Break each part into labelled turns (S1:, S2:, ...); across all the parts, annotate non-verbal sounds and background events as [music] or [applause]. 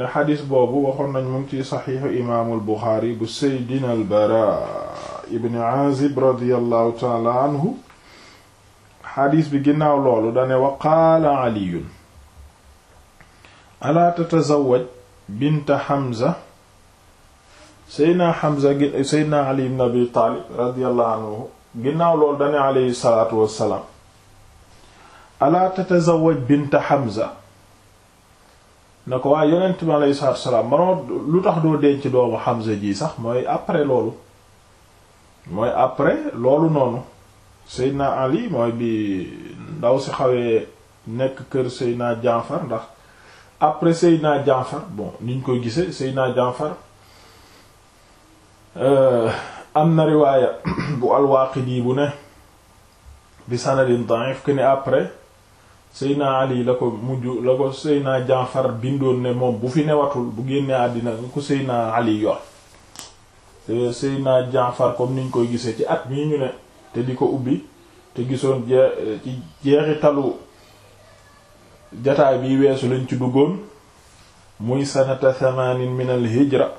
S1: ne xadis boobu waxoon nañ moom ci saxiixu imaamul buxaari bu seydina al ibn azib radiallahu taala anhu bi ginnaaw loolu dane wa qaala caliyun alaa tatazawaj binta xamza xamza na ko waaye yonent ma aleyhi salaatu salaam manoo lu tax doo denc doomu Hamza ji sax mooy après loolu mooy après loolu noonu Seydina Ali mooy bi ndaw si xawee nekk kër Seydina Jaafar ndax après Seydina Jaafar bon niñ koy gisee Seydina Jaafar euh, am na riwaaya [coughs] bu al-Waaqidi bu ne bi sanadin da'if que ne après Seyna Ali la ko mujj la ko Seyna Jaafar bindoon ne moom bu fi newatul bu génnee àddina ku Seyna Ali yor te Seyna Jaafar comme niñ koy gisee ci at mii ñu ne te di ko ubbi te gisoon jee ci jeexitalu jataay bi weesu lañ ci duggoon muy sanata thamanin min al hijra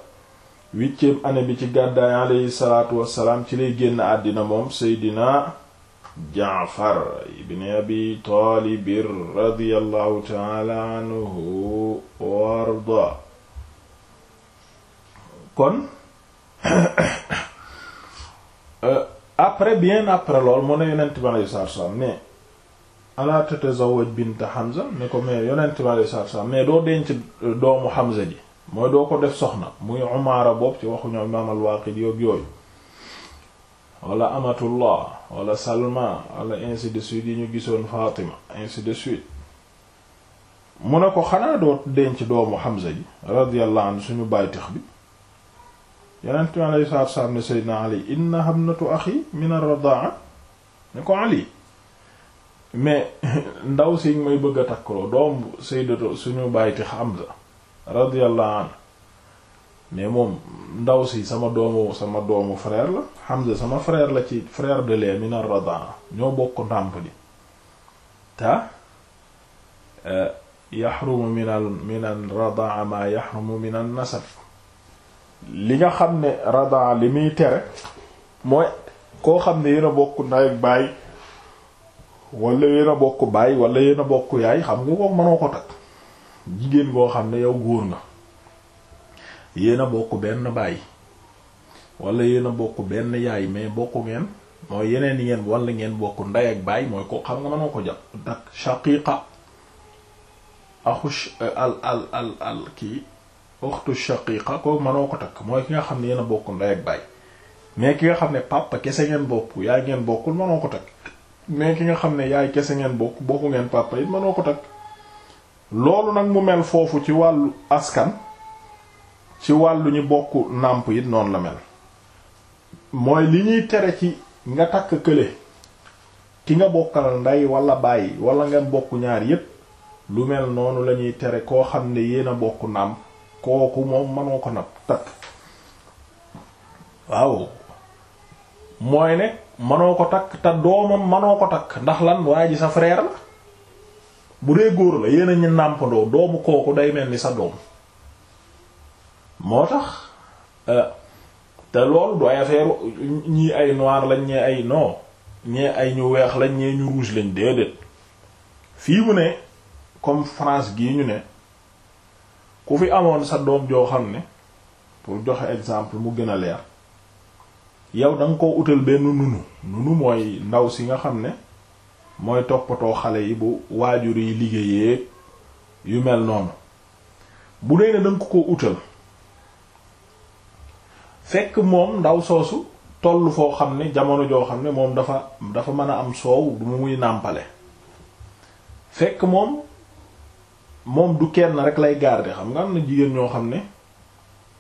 S1: huitième année bi ci gàddaay alayhi salaatu wassalaam ci lay génn àddina moom Seydina jaafar ibni abi taalibir radiallahu taala anhu wa arda kon [coughs] après bien après lool mu ne yonent bi alei satu salaam mais ala tatazawaj bint Hamza ne ko mais yonent bi alei satu salaam mais doo denc doomu Hamza ji moo doo ko def soxna muy Umaara boobu ci waxuñu imaam al-Waaqidi yooyu wala amatullah wala salma wala ainsi de suite yi ñu gisoon Fatima ainsi de suite mu na ko xanaa doo denc doomu Hamza ji radiyallahu anhu suñu bàytix bi yeneen mi aleyi salatu salaam ne Seydina Ali inna habnatu axi mais [laughs] ndaw si may bëgg a takkaloo doom Sayyidatu suñu bàytix Hamza radiyallahu anhu mais moom ndaw si sama doomu sama doomu frère la Hamza sama frère la ci frère de lait mi na radan ñoo bokk ndàmp li ta eh, yaxrumu minal minal ma yaxrumu minal nasab li nga xam ne radaa li muy tere mooy koo xam ne yéen bokk ndey ak baay wala yéen bokk baay wala yéen bokk yaay xam nga ko mënoo ko takk jigéen goo xam ne yow góor nga yéen bokk benn baay wala yéen bokk benn yaay mais bokk ngeen mooy yeneen yi ngeen walla ngeen bokk ndey ak baay mooy ko xam nga mënoo ko jàpp dak shaqiqa axu euh, al al al kii uxtu shaqiqa ko mënoo ko takk mooy ki nga xam ne yéen a bokk ndey ak baay ki nga xam ne papa kese ngeen bokk yaay ngeen bokkul mënoo ko takk mais ki nga xam ne yaay kese ngeen bokk bokku ngeen papa it mënoo ko takk loolu nag mu mel foofu ci wàllu askan ci wàllu ñu bokk nàmp it noonu la mel mooy li ñuy tere ci nga takk kële ki nga bokkal ndey wala bàyyi wala ngeen bokk ñaar yépp lu mel noonu la ñuy tere koo xam ne yéen a bokk nàmp kooku moom mënoo ko nag takk waaw mooy ne mënoo ko takk te doomam mënoo ko takk ndax lan waa ji sa frère la bu dee góor la yéen a ñu nàmpandoo doomu kooku day mel ni sa doom moo tax euh, te loolu du ay affaire ñii ay noir lañ ñee ay non ñee ay ñu weex lañ ñee ñu rouge lañ déedéet fii mu ne comme France gii ñu ne ku fi amoon sa doom joo xam ne pour joxe exemple mu gën a leer yow da ko koo utal benn nunu nunu mooy ndaw si nga xam ne mooy toppatoo xale yi bu waajur yi liggéeyee yu mel noonu bu dee ne da ko utal fekk moom ndaw soosu toll foo xam ne jamono joo xam ne moom dafa dafa mën a am soow du muy nàmpale fekk moom moom du kenn rek lay garder xam nga am na jigéen ñoo xam ne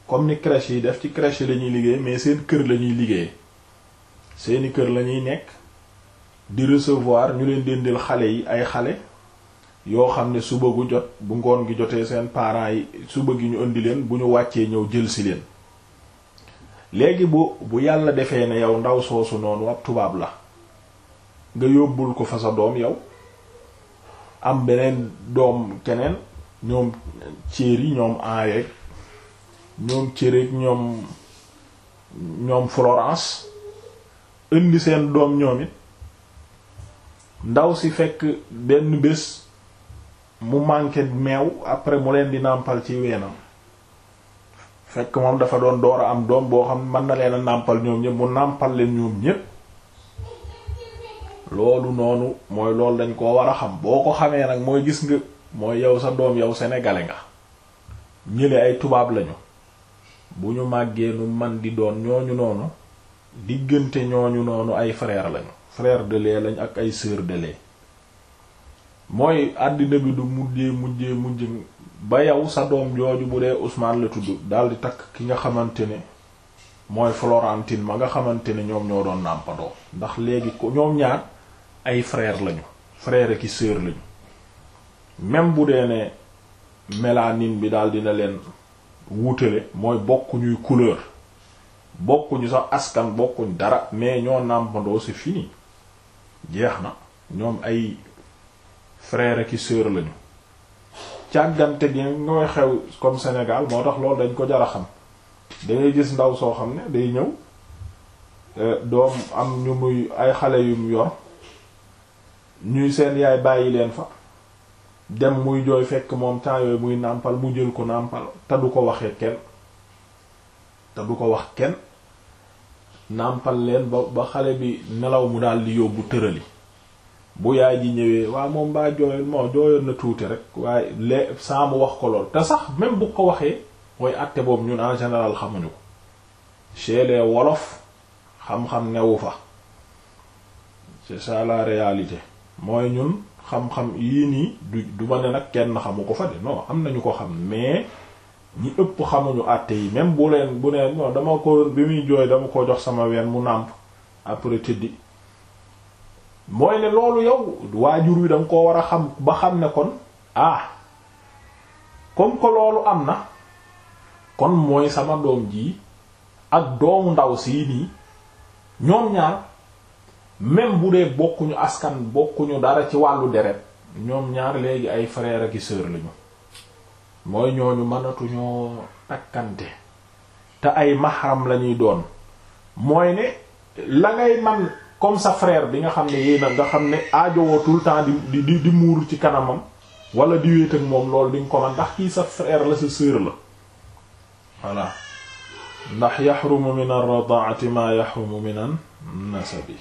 S1: comme ni crèche yi def ci creche la ñuy liggéey mais seen kër la ñuy liggéey seeni kër lañuy nekk di resevoir ñu leen dendil xale yi ay xale yoo xam ne suba gu jot bu ngoon gi jotee seen parent yi suba gi ñu indi leen bu ñu wàccee ñëw jël si leen léegi bu bu yàlla defee ne yow ndaw soosu noonu ab tubaab la nga yóbbul ko fa sa doom yow am beneen doom keneen ñoom céeri ñoom enyeeg ñoom céréeg ñoom ñoom Florence indi seen doom ñoom it ndaw si fekk benn bés mu manqué meew après mu leen di nàmpal ci weenam fekk moom dafa doon door a am doom boo xam mën na leen a nàmpal ñoom ñëpp mu nàmpal leen ñoom ñëpp loolu noonu mooy loolu dañ koo war a xam boo ko xamee nag mooy gis nga mooy yow sa doom yow sénégalais nga ñële ay tubaab lañu bu ñu màggee nu man di doon ñooñu noonu diggante ñooñu noonu ay frère lañu frère de lait lañ ak ay sœur de mooy àddina bi du mujjee mujjee mujj ba yow sa doom jooju bu dee Ousmane la tudd daal di takk ki nga xamante ne mooy Florentine ma nga xamante ne ñoom ñoo doon nàmpandoo ndax léegi ko ñoom ñaar ay frère lañu frère ak sœur lañu même bu dee ne mélanine bi daal dina leen wuutale mooy bokkuñuy couleur bokkuñu sax askan bokkuñ dara mais ñoo nàmpandoo c'est fini jeex na ñoom ay frère ak sœur lañu càggante gi ñooy xew comme Sénégal moo tax loolu dañ ko jar xam dangay gis ndaw soo xam ne day ñëw euh, doom am ñu muy ay xale yum yor ñuy seen yaay bàyyi leen fa dem muy jooy fekk moom temps yooyu muy nàmpal mu jël ko nàmpal te du ko waxee kenn te ko wax kenn nàmpal leen ba ba xale bi nelaw mu daal di yóbbu tërali bu yaay ji ñëwee waa moom baa jooyoon moo jooyoon na tuuti rek waaye lee saa mu wax ko lool te sax même bu ko waxee mooy àtte boobu ñun en général xamuñu ko chez les wolof xam-xam newu fa c'est ça la réalité mooy ñun xam yii nii du du ma ne nag kenn xamu ko fa de non am nañu ko xam mais ñi ëpp xamuñu àtte yi même bu leen bu neen non dama ko bi muy jooy dama ko jox sama ween mu nàmp après tëddi mooy ne loolu yow waajur wi da nga koo war a xam ba xam ne kon ah comme que loolu am na kon mooy sama doom ji ak doomu ndaw sii nii ñoom ñaar même bu dee bokkuñu askan bokkuñu dara ci wàllu deret ñoom ñaar léegi ay frère ak sœur lañu mooy ñooñu mënatuñu takkante te ay maxaram lañuy doon mooy ne la ngay man comme sa frère bi nga xam ne yéen nag nga xam ne aajowoo tout le temps di di di muuru ci kanamam wala di wéet ak moom loolu di nga ko man ndax kii sa frère la sa sœur la voilà ndax yaxrumu min ar-radaa'ati ma yaxrumu min an-nasabi